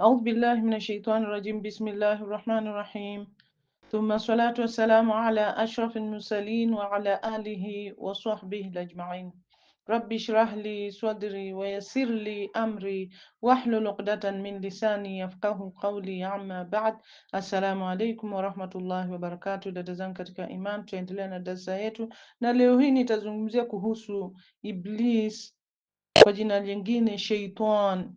Audhu billahi minashaitan rajim. Bismillahi rahmani rahim. Thumma salatu wassalamu ala ashrafil mursalin wa ala alihi wa sahbihi ajmain. Rabbi shrah li sadri wa yassir li amri wahlul uqdatan min lisani yafqahu qawli. Amma ba'd. Assalamu alaykum wa rahmatullahi wa barakatuh. Dada zangu katika iman, tuendelea na darsa yetu, na leo hii nitazungumzia kuhusu Iblis, kwa jina lingine Shaitan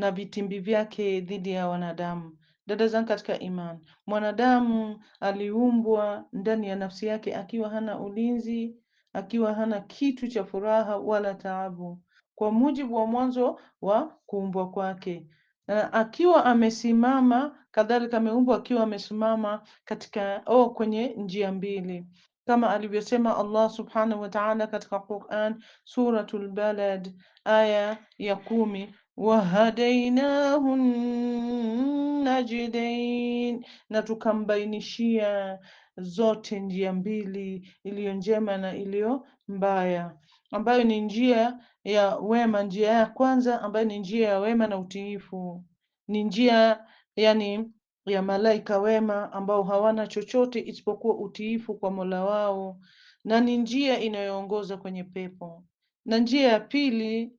na vitimbi vyake dhidi ya wanadamu. Dada zangu katika imani, mwanadamu aliumbwa ndani ya nafsi yake akiwa hana ulinzi, akiwa hana kitu cha furaha wala taabu, kwa mujibu wa mwanzo wa kuumbwa kwake, na akiwa amesimama kadhalika, ameumbwa akiwa amesimama katika oh, kwenye njia mbili kama alivyosema Allah subhanahu wa ta'ala katika Quran suratul Balad aya ya kumi wahadainahu najdain, na tukambainishia zote njia mbili, iliyo njema na iliyo mbaya, ambayo ni njia ya wema. Njia ya kwanza ambayo ni njia ya wema na utiifu, ni njia yani ya malaika wema ambao hawana chochote isipokuwa utiifu kwa Mola wao, na ni njia inayoongoza kwenye pepo. Na njia ya pili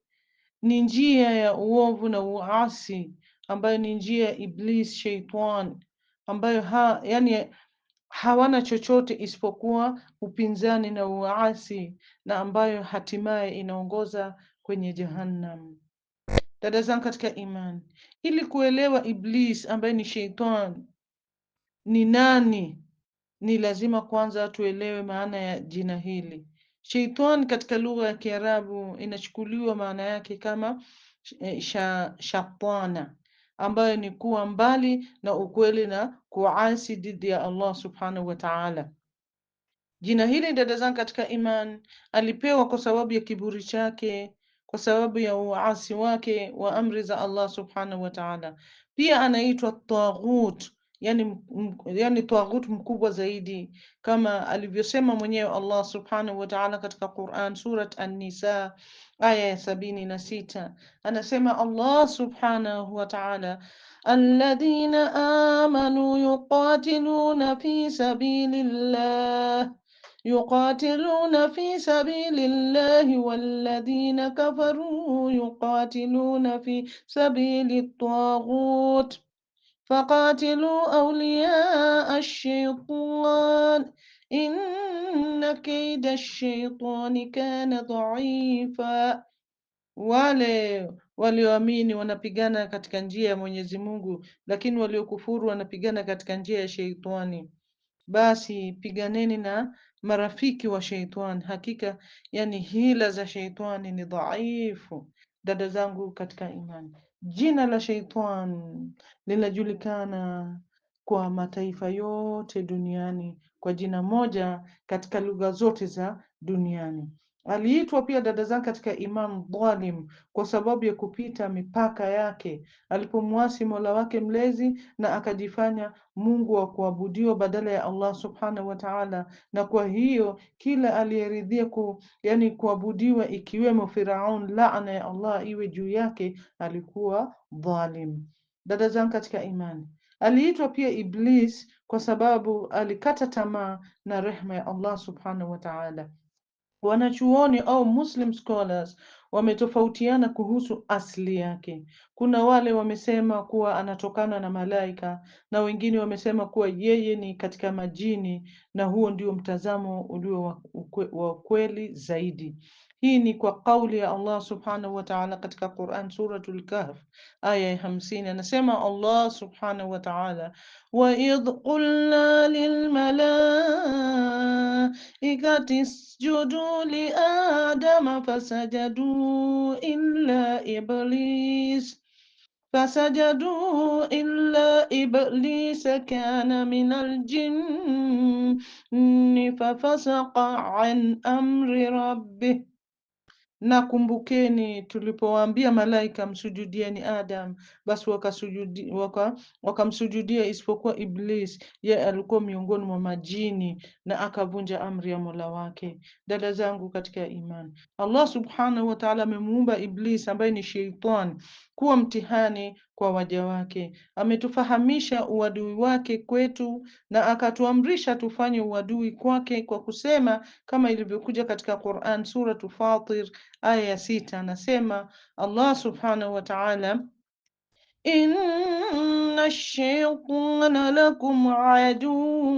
ni njia ya uovu na uasi ambayo ni njia ya Iblis Sheitan, ambayo ha, yani hawana chochote isipokuwa upinzani na uasi, na ambayo hatimaye inaongoza kwenye Jahannam. Dada zangu katika imani, ili kuelewa Iblis ambaye ni Sheitan ni nani, ni lazima kwanza tuelewe maana ya jina hili. Sheitan katika lugha ya Kiarabu inachukuliwa maana yake kama eh, sha, shatana ambayo ni kuwa mbali na ukweli na kuasi dhidi ya Allah subhanahu wa ta'ala. Jina hili dada zangu katika iman, alipewa kwa sababu ya kiburi chake, kwa sababu ya uasi wake wa amri za Allah subhanahu wa ta'ala. Pia anaitwa taghut yani, m, yani twaghut mkubwa zaidi kama alivyosema mwenyewe Allah subhanahu wa ta'ala katika Quran Surat An-Nisa aya ya sabini na sita anasema Allah subhanahu wa ta'ala alladhina amanu yuqatiluna fi sabilillah يقاتلون في سبيل الله والذين كفروا يقاتلون في سبيل الطاغوت فقاتلوا أولياء الشيطان إن كيد الشيطان kana ضعيفا wale walioamini wanapigana katika njia ya Mwenyezi Mungu, lakini waliokufuru wanapigana katika njia ya sheitani. Basi piganeni na marafiki wa sheitani, hakika yani hila za sheitani ni dhaifu. Dada zangu katika imani Jina la Sheitan linajulikana kwa mataifa yote duniani kwa jina moja katika lugha zote za duniani. Aliitwa pia dada zake katika imani dhalim kwa sababu ya kupita mipaka yake alipomwasi Mola wake mlezi na akajifanya Mungu wa kuabudiwa badala ya Allah subhanahu wa ta'ala. Na kwa hiyo kila aliyeridhia ku, yani kuabudiwa ikiwemo Firaun, laana ya Allah iwe juu yake, alikuwa dhalim. Dada zangu katika imani, aliitwa pia Iblis kwa sababu alikata tamaa na rehma ya Allah subhanahu wa ta'ala. Wanachuoni au Muslim scholars wametofautiana kuhusu asili yake. Kuna wale wamesema kuwa anatokana na malaika na wengine wamesema kuwa yeye ni katika majini, na huo ndio mtazamo ulio wa ukweli zaidi. Hii ni kwa kauli ya Allah subhanahu wa ta'ala katika Quran Suratul Kahf aya ya hamsini, anasema Allah subhanahu wa ta'ala, wa idh qulna lilmalaikati isjudu li adama fasajadu illa iblis فسجدوا إلا إبليس كان من الجن ففسق عن أمر ربه Na kumbukeni tulipowaambia malaika msujudieni Adam, basi wakamsujudia waka, waka isipokuwa Iblis, yeye alikuwa miongoni mwa majini na akavunja amri ya Mola wake. Dada zangu katika imani, Allah subhanahu wa ta'ala amemuumba Iblis ambaye ni sheitani kuwa mtihani kwa waja wake. Ametufahamisha uadui wake kwetu na akatuamrisha tufanye uadui kwake kwa kusema kama ilivyokuja katika Qur'an sura Fatir aya ya sita, anasema Allah subhanahu wa ta'ala inna shaitana lakum aduwwun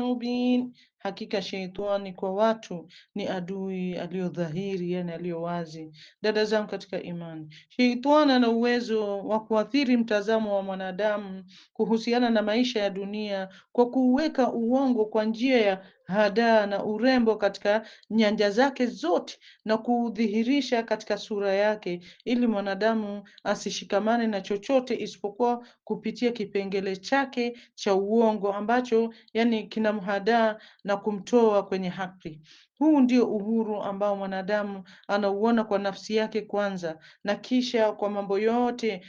mubin, hakika sheitani kwa watu ni adui aliyodhahiri, yani aliyo wazi. Dada zangu katika imani, sheitani ana uwezo wa kuathiri mtazamo wa mwanadamu kuhusiana na maisha ya dunia kwa kuweka uongo kwa njia ya hadaa na urembo katika nyanja zake zote na kudhihirisha katika sura yake, ili mwanadamu asishikamane na chochote isipokuwa kupitia kipengele chake cha uongo ambacho yani kinamhadaa na kumtoa kwenye haki. Huu ndio uhuru ambao mwanadamu anauona kwa nafsi yake kwanza, na kisha kwa mambo yote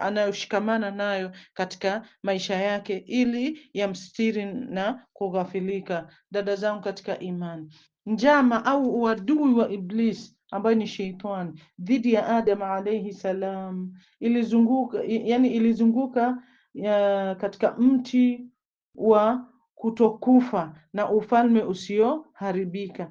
anayoshikamana nayo katika maisha yake, ili yamstiri na kughafilika. Dada zangu katika imani, njama au uadui wa Iblis ambayo ni sheitani dhidi ya Adam alaihi salam ilizunguka, yani ilizunguka ya katika mti wa kutokufa na ufalme usioharibika,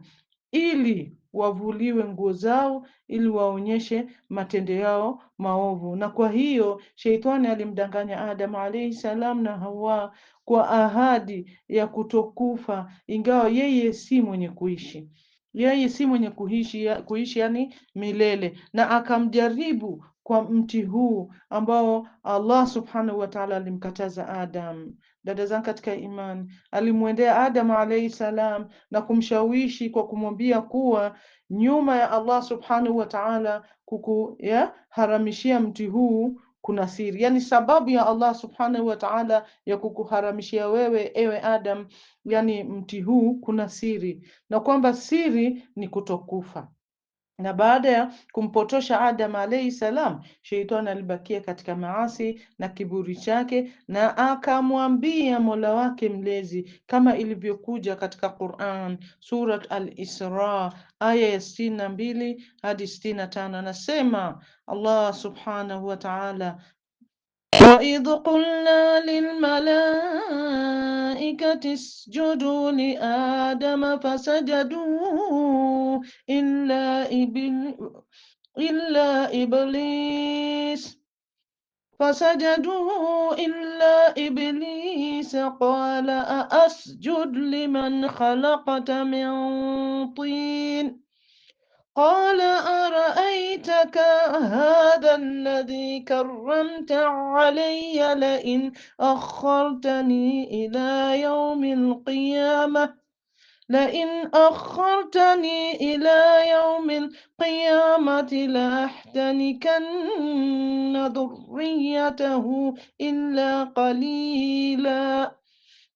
ili wavuliwe nguo zao, ili waonyeshe matendo yao maovu. Na kwa hiyo sheitani alimdanganya Adam alayhi salam na Hawa kwa ahadi ya kutokufa, ingawa yeye si mwenye kuishi yeye si mwenye kuishi kuishi, yani milele, na akamjaribu kwa mti huu ambao Allah subhanahu wa ta'ala alimkataza Adam dada zangu katika imani, alimwendea Adamu alaihi salam na kumshawishi kwa kumwambia kuwa nyuma ya Allah subhanahu wa ta'ala kukuharamishia mti huu kuna siri, yani sababu ya Allah subhanahu wa ta'ala ya kukuharamishia wewe ewe Adam, yani mti huu kuna siri, na kwamba siri ni kutokufa na baada ya kumpotosha Adam alayhi salam, sheitani alibakia katika maasi na kiburi chake, na akamwambia Mola wake mlezi kama ilivyokuja katika Quran Surat Al-Isra aya ya sitini na mbili hadi sitini na tano anasema Allah subhanahu wa ta'ala waidh qulna lilmalaikati isjudu liadama fasajaduu إلا إبل إلا إبليس فسجدوا إلا إبليس قال أأسجد لمن خلقت من طين قال أرأيتك هذا الذي كرمت علي لئن أخرتني إلى يوم القيامة لئن أخرتني إلى يوم القيامة لأحتنكن ذريته إلا قليلا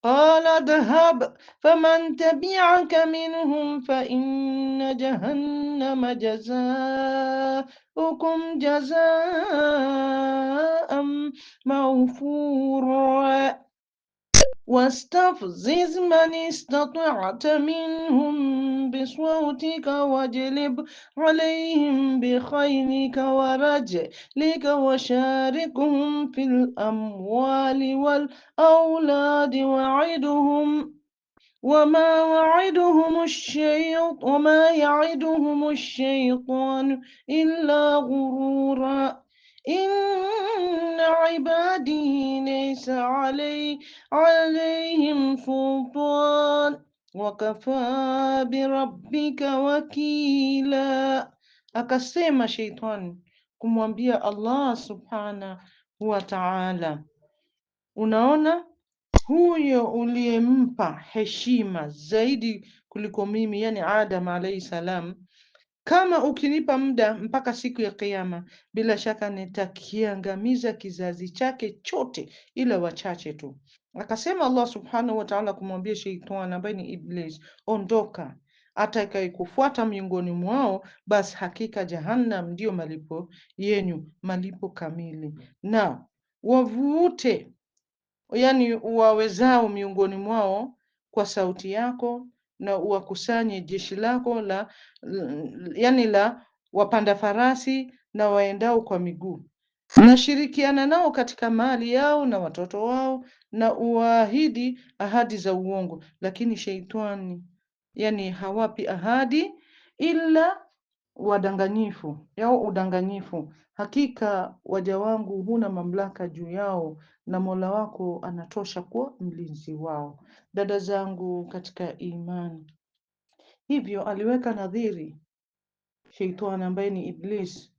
قال اذهب فمن تبعك منهم فإن جهنم جزاؤكم جزاء موفورا واستفزز من استطعت منهم بصوتك واجلب عليهم بخيلك ورجلك وشاركهم في الأموال والأولاد وعدهم وما وعدهم الشيطان وما يعدهم الشيطان إلا غرورا إن عبادي ليس علي عليهم سلطان wakafaa بربك wakila. Akasema شيطان kumwambia Allah الله wa taala, unaona huyo uliyempa heshima zaidi kuliko mimi, yani Adam alaihi salam, kama ukinipa muda mpaka siku ya Kiyama, bila shaka nitakiangamiza kizazi chake chote ila wachache tu. Akasema Allah subhanahu wa ta'ala kumwambia sheitani ambaye ni Iblis, ondoka, atakayekufuata miongoni mwao, basi hakika Jahannam ndiyo malipo yenyu, malipo kamili, na wavute, yani wawezao miongoni mwao kwa sauti yako na uwakusanye jeshi lako la yani la wapanda farasi na waendao kwa miguu nashirikiana nao katika mali yao na watoto wao, na uwaahidi ahadi za uongo, lakini sheitani yani hawapi ahadi ila wadanganyifu yao udanganyifu, Hakika waja wangu huna mamlaka juu yao, na Mola wako anatosha kuwa mlinzi wao. Dada zangu katika imani, hivyo aliweka nadhiri Sheitani ambaye ni Iblis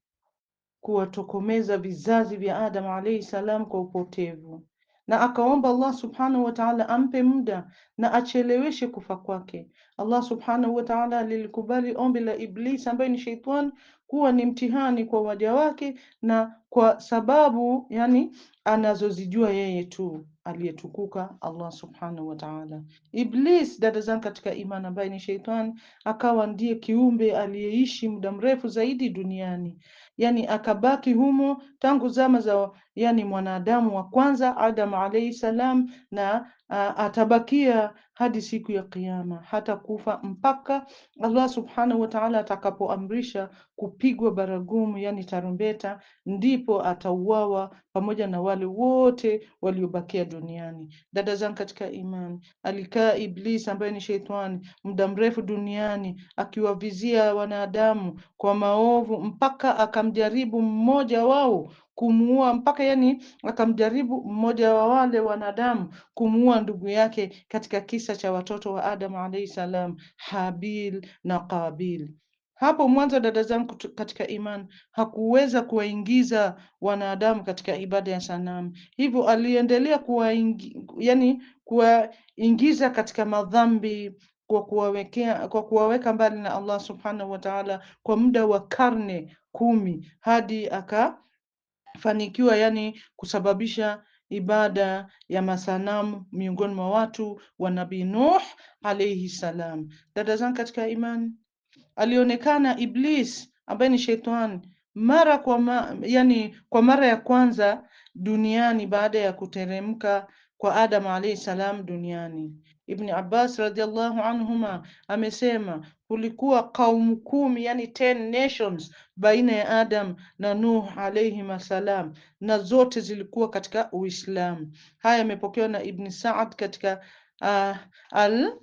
kuwatokomeza vizazi vya Adam alayhi salam kwa upotevu, na akaomba Allah subhanahu wa ta'ala ampe muda na acheleweshe kufa kwake. Allah subhanahu wa ta'ala lilikubali ombi la Iblis ambaye ni Sheitani kuwa ni mtihani kwa waja wake na kwa sababu yani anazozijua yeye tu aliyetukuka Allah subhanahu wa ta'ala. Iblis, dada zangu katika imani, ambaye ni sheitani, akawa ndiye kiumbe aliyeishi muda mrefu zaidi duniani, yani akabaki humo tangu zama za yani mwanadamu wa kwanza Adam alayhi salam, na atabakia hadi siku ya Kiyama, hata kufa mpaka Allah subhanahu wa ta'ala atakapoamrisha kupigwa baragumu, yani tarumbeta, ndipo atauawa pamoja na wale wote waliobakia duniani. Dada zangu katika imani, alikaa Iblis ambaye ni sheitani muda mrefu duniani akiwavizia wanadamu kwa maovu mpaka akamjaribu mmoja wao kumuua mpaka yani akamjaribu mmoja wa wale wanadamu kumuua ndugu yake katika kisa cha watoto wa Adam alayhi salam, Habil na Qabil. Hapo mwanzo, dada zangu katika imani, hakuweza kuwaingiza wanadamu katika ibada ya sanamu, hivyo aliendelea kuwaingi, yani kuwaingiza katika madhambi kwa kuwawekea kwa kuwaweka mbali na Allah subhanahu wa ta'ala kwa muda wa karne kumi hadi aka fanikiwa yani kusababisha ibada ya masanamu miongoni mwa watu wa Nabii Nuh alayhi salam. Dada zangu katika imani, alionekana Iblis ambaye ni shetani mara kwa ma, yani kwa mara ya kwanza duniani baada ya kuteremka kwa Adam alayhi salam duniani. Ibni Abbas radhiallahu anhuma amesema kulikuwa kaumu kumi, yani ten nations baina ya Adam na Nuh alayhim assalam, na zote zilikuwa katika Uislamu. Haya yamepokewa na Ibn Saad katika uh, al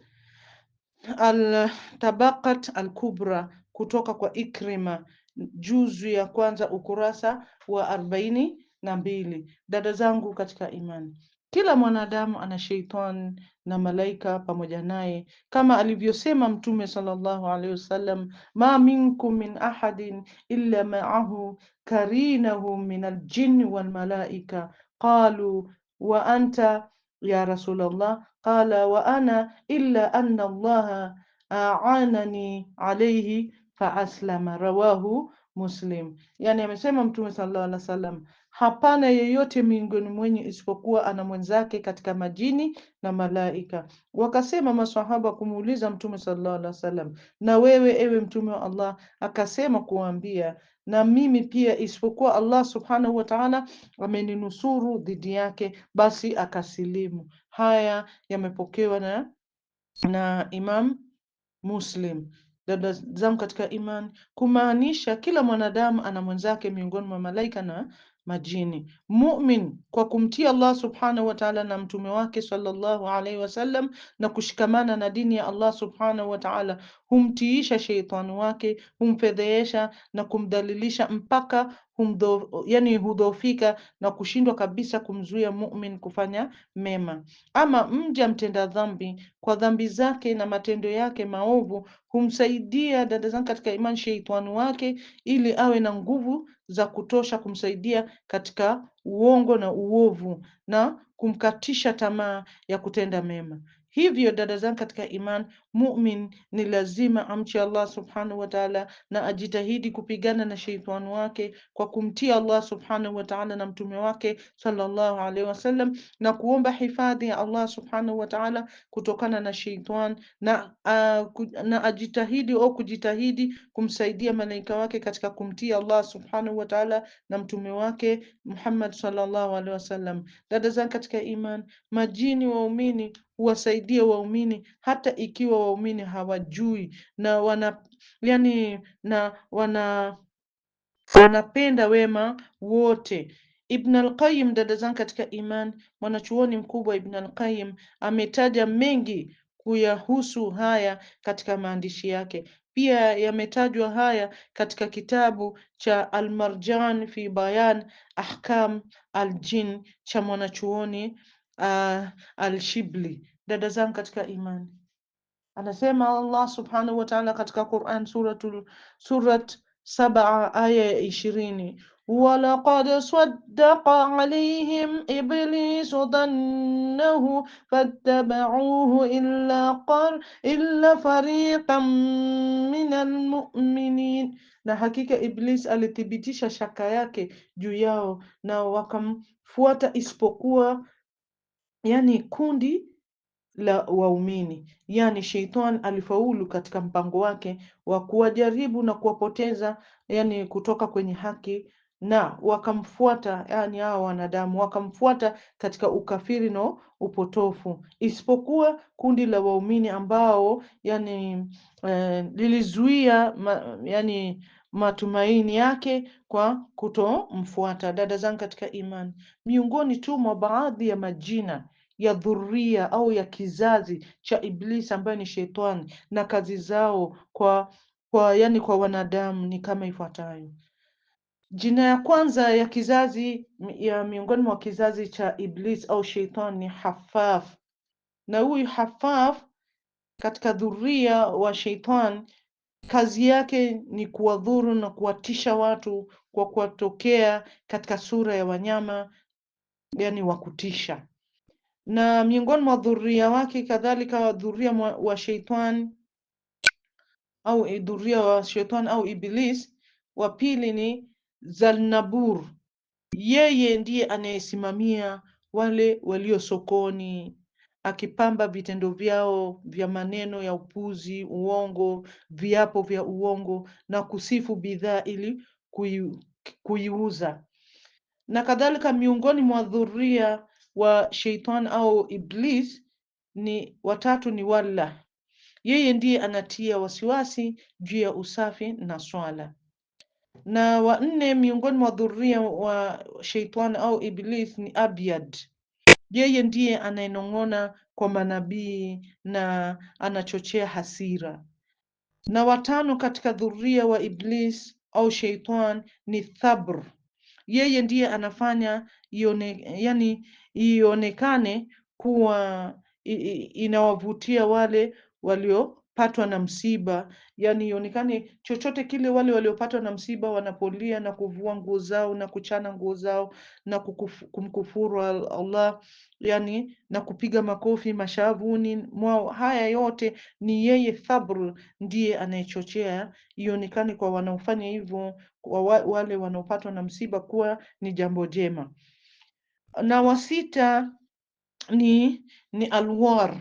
al Tabaqat al-Kubra kutoka kwa Ikrima, juzu ya kwanza ukurasa wa arobaini na mbili. Dada zangu katika imani kila mwanadamu ana sheitani na malaika pamoja naye, kama alivyosema Mtume sallallahu alaihi wasallam, ma minkum min ahadin illa maahu karinahu min aljinni walmalaika qalu wa anta ya Rasulullah, qala wa ana illa anna allaha aanani alaihi faaslama, rawahu Muslim. Yani amesema Mtume sallallahu alaihi wasallam hapana yeyote miongoni mwenye isipokuwa ana mwenzake katika majini na malaika. Wakasema maswahaba kumuuliza Mtume sallallahu alaihi wasallam, na wewe ewe Mtume wa Allah? Akasema kuambia na mimi pia isipokuwa Allah subhanahu wa ta'ala ameninusuru dhidi yake, basi akasilimu. Haya yamepokewa na, na Imam Muslim. Dada zangu katika imani, kumaanisha kila mwanadamu ana mwenzake miongoni mwa malaika na majini. Mumin kwa kumtia Allah subhanahu wa ta'ala na mtume wake sallallahu alaihi wasallam na kushikamana na dini ya Allah subhanahu wa ta'ala humtiisha sheitani wake, humfedheesha na kumdhalilisha mpaka humdho, yani hudhofika na kushindwa kabisa kumzuia mumin kufanya mema. Ama mja mtenda dhambi kwa dhambi zake na matendo yake maovu humsaidia, dada zangu katika imani, sheitani wake ili awe na nguvu za kutosha kumsaidia katika uongo na uovu na kumkatisha tamaa ya kutenda mema. Hivyo dada zangu katika imani, Mumin ni lazima amche Allah subhanahu wa ta'ala na ajitahidi kupigana na sheitani wake kwa kumtia Allah subhanahu wa ta'ala na mtume wake sallallahu alaihi wasallam na kuomba hifadhi ya Allah subhanahu wa ta'ala kutokana na sheitani na, uh, na ajitahidi au kujitahidi kumsaidia malaika wake katika kumtia Allah subhanahu wa ta'ala na mtume wake Muhammad sallallahu alaihi wasallam. Dada zangu katika iman, majini waumini huwasaidia waumini hata ikiwa waumini hawajui na wana yani, na wana wanapenda wema wote. Ibn al-Qayyim, dada zangu katika iman, mwanachuoni mkubwa Ibn al-Qayyim ametaja mengi kuyahusu haya katika maandishi yake. Pia yametajwa haya katika kitabu cha Al-Marjan fi Bayan Ahkam al-Jin cha mwanachuoni uh, al-Shibli. Dada zangu katika imani Anasema Allah subhanahu wa ta'ala katika Quran suratul, surat saba aya ya ishirini walaqad saddaqa alayhim iblis dhannahu fattabauhu illa qar illa fariqan min almuminin na hakika Iblis alithibitisha shaka yake juu yao na wakamfuata isipokuwa yani kundi la waumini, yaani Sheitan alifaulu katika mpango wake wa kuwajaribu na kuwapoteza, yani kutoka kwenye haki na wakamfuata, yani hao wanadamu wakamfuata katika ukafiri na upotofu, isipokuwa kundi la waumini ambao yani eh, lilizuia ma, yani matumaini yake kwa kutomfuata. Dada zangu katika imani, miongoni tu mwa baadhi ya majina ya dhuria au ya kizazi cha Iblisi ambayo ni Shetani, na kazi zao kwa, kwa, yani kwa wanadamu ni kama ifuatayo. Jina ya kwanza ya kizazi ya miongoni mwa kizazi cha Iblis au Shetani ni Hafaf, na huyu Hafaf katika dhuria wa Shetani kazi yake ni kuwadhuru na kuwatisha watu kwa kuwatokea katika sura ya wanyama, yani wa kutisha na miongoni mwa dhuria wake kadhalika dhuria wa sheitani au eh, dhuria wa sheitani au Iblis. Wa pili ni Zalnabur, yeye ndiye anayesimamia wale walio sokoni, akipamba vitendo vyao vya maneno ya upuzi, uongo, viapo vya uongo na kusifu bidhaa ili kuiuza. Na kadhalika miongoni mwa dhuria wa Sheitan au Iblis ni watatu ni walla, yeye ndiye anatia wasiwasi juu ya usafi na swala. Na wanne miongoni mwa dhuria wa Sheitan au Iblis ni abyad, yeye ndiye anayenong'ona kwa manabii na anachochea hasira. Na watano katika dhuria wa Iblis au Sheitan ni thabr yeye ndiye anafanya ione, yani ionekane kuwa inawavutia wale walio patwa na msiba, yani ionekane chochote kile. Wale waliopatwa na msiba wanapolia na kuvua nguo zao na kuchana nguo zao na kukufu, kumkufuru Allah, yani na kupiga makofi mashavuni mwao, haya yote ni yeye Thabr ndiye anayechochea ionekane kwa wanaofanya hivyo, kwa wale wanaopatwa na msiba kuwa ni jambo jema. Na wasita ni, ni alwar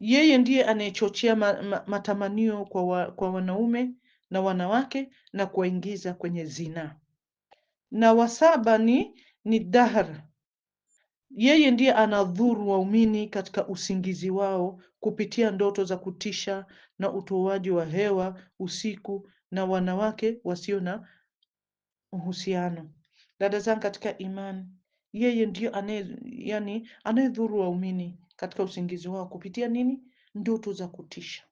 yeye ndiye anayechochea ma, ma, matamanio kwa, wa, kwa wanaume na wanawake na kuwaingiza kwenye zinaa. Na wasaba ni ni dahr, yeye ndiye anadhuru waumini katika usingizi wao kupitia ndoto za kutisha na utoaji wa hewa usiku na wanawake wasio na uhusiano. Dada zangu katika imani, yeye ndiyo anaye yani anayedhuru waumini katika usingizi wao kupitia nini? Ndoto za kutisha.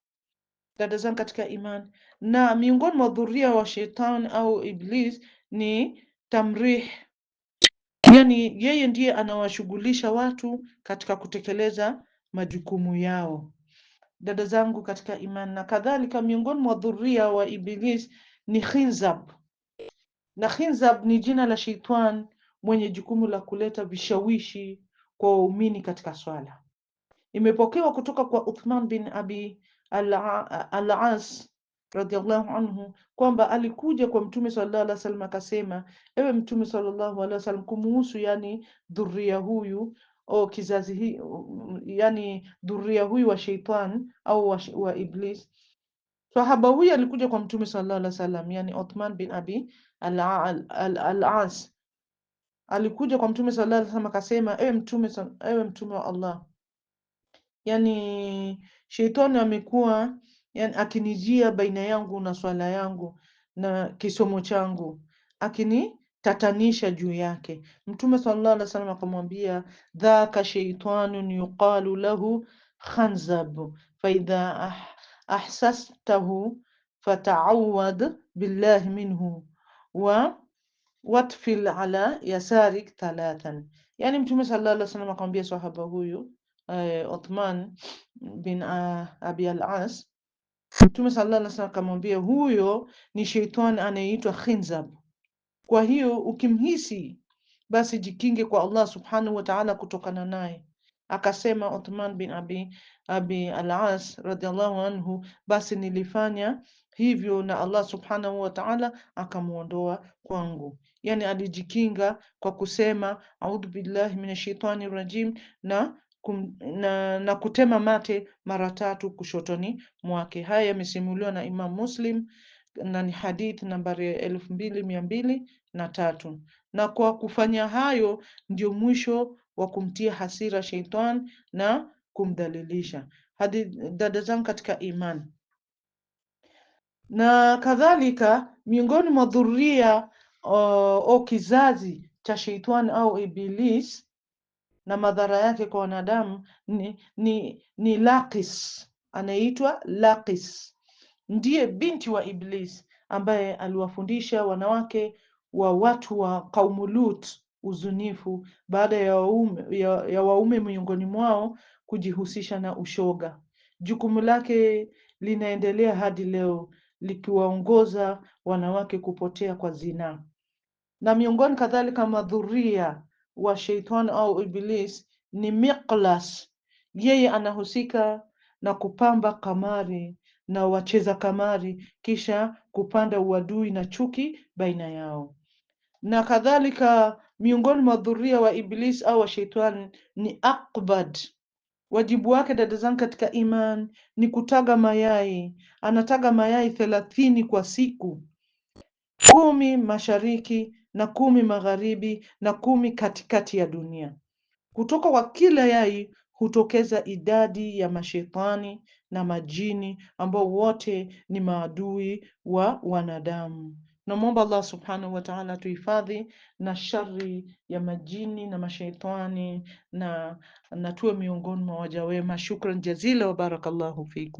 Dada zangu katika imani, na miongoni mwa dhuria wa shetani au Iblis ni tamrih, yani yeye ndiye anawashughulisha watu katika kutekeleza majukumu yao. Dada zangu katika imani, na kadhalika miongoni mwa dhuria wa Iblis ni khinzab, na khinzab ni jina la shetani mwenye jukumu la kuleta vishawishi kwa waumini katika swala. Imepokewa kutoka kwa Uthman bin Abi al-As radhiallahu anhu kwamba alikuja kwa Mtume sallallahu alaihi wasallam akasema, ewe Mtume sallallahu alaihi wasallam, kumuhusu yani dhuria huyu au kizazi hii, yani dhuria huyu wa sheitan au wa, wa Iblis. Sahaba huyu alikuja kwa Mtume sallallahu alaihi wasallam, yani Uthman bin Abi al-As al, al, al alikuja kwa Mtume sallallahu alaihi wasallam akasema, ewe Mtume, ewe Mtume wa Allah yani shetani amekuwa yani akinijia baina yangu na swala yangu na kisomo changu akinitatanisha juu yake. Mtume sallallahu alaihi wasallam akamwambia, dhaka shaytanun yuqalu lahu khanzab faidha ah, ahsastahu fata'awad billahi minhu wa watfil ala yasarik thalathan. Yani Mtume sallallahu alaihi wasallam akamwambia sahaba huyu eh, Othman bin uh, Abi al-As, Mtume sallallahu alaihi wasallam akamwambia, huyo ni sheitani anayeitwa Khinzab. Kwa hiyo ukimhisi, basi jikinge kwa Allah subhanahu wa ta'ala kutokana naye. Akasema Uthman bin Abi, Abi al-As radhiallahu anhu, basi nilifanya hivyo na Allah subhanahu wa ta'ala akamuondoa kwangu. Yani alijikinga kwa kusema audhu billahi minashaitani rajim na kum, na, na kutema mate mara tatu kushotoni mwake. Haya yamesimuliwa na Imam Muslim na ni hadith nambari elfu mbili mia mbili na tatu. Na kwa kufanya hayo ndio mwisho wa kumtia hasira sheitan na kumdhalilisha. Hadith, dada zangu katika iman, na kadhalika miongoni mwa dhuria o, uh, kizazi cha sheitani au Iblis na madhara yake kwa wanadamu ni, ni, ni Laqis, anaitwa Laqis ndiye binti wa Iblis ambaye aliwafundisha wanawake wa watu wa kaumu Lut uzunifu baada ya waume, ya, ya waume miongoni mwao kujihusisha na ushoga. Jukumu lake linaendelea hadi leo likiwaongoza wanawake kupotea kwa zinaa na miongoni kadhalika madhuria wa sheitani au Iblis ni Miqlas, yeye anahusika na kupamba kamari na wacheza kamari, kisha kupanda uadui na chuki baina yao. Na kadhalika miongoni mwa dhuria wa Iblis au wa sheitani ni Akbad. Wajibu wake dada zangu katika iman ni kutaga mayai. Anataga mayai thelathini kwa siku, kumi mashariki na kumi magharibi na kumi katikati ya dunia. Kutoka kwa kila yai hutokeza idadi ya mashetani na majini ambao wote ni maadui wa wanadamu. Namwomba Allah subhanahu wa ta'ala tuhifadhi na shari ya majini na mashaitani na, na tuwe miongoni mwa waja wema. Shukran jazila wa barakallahu fikum.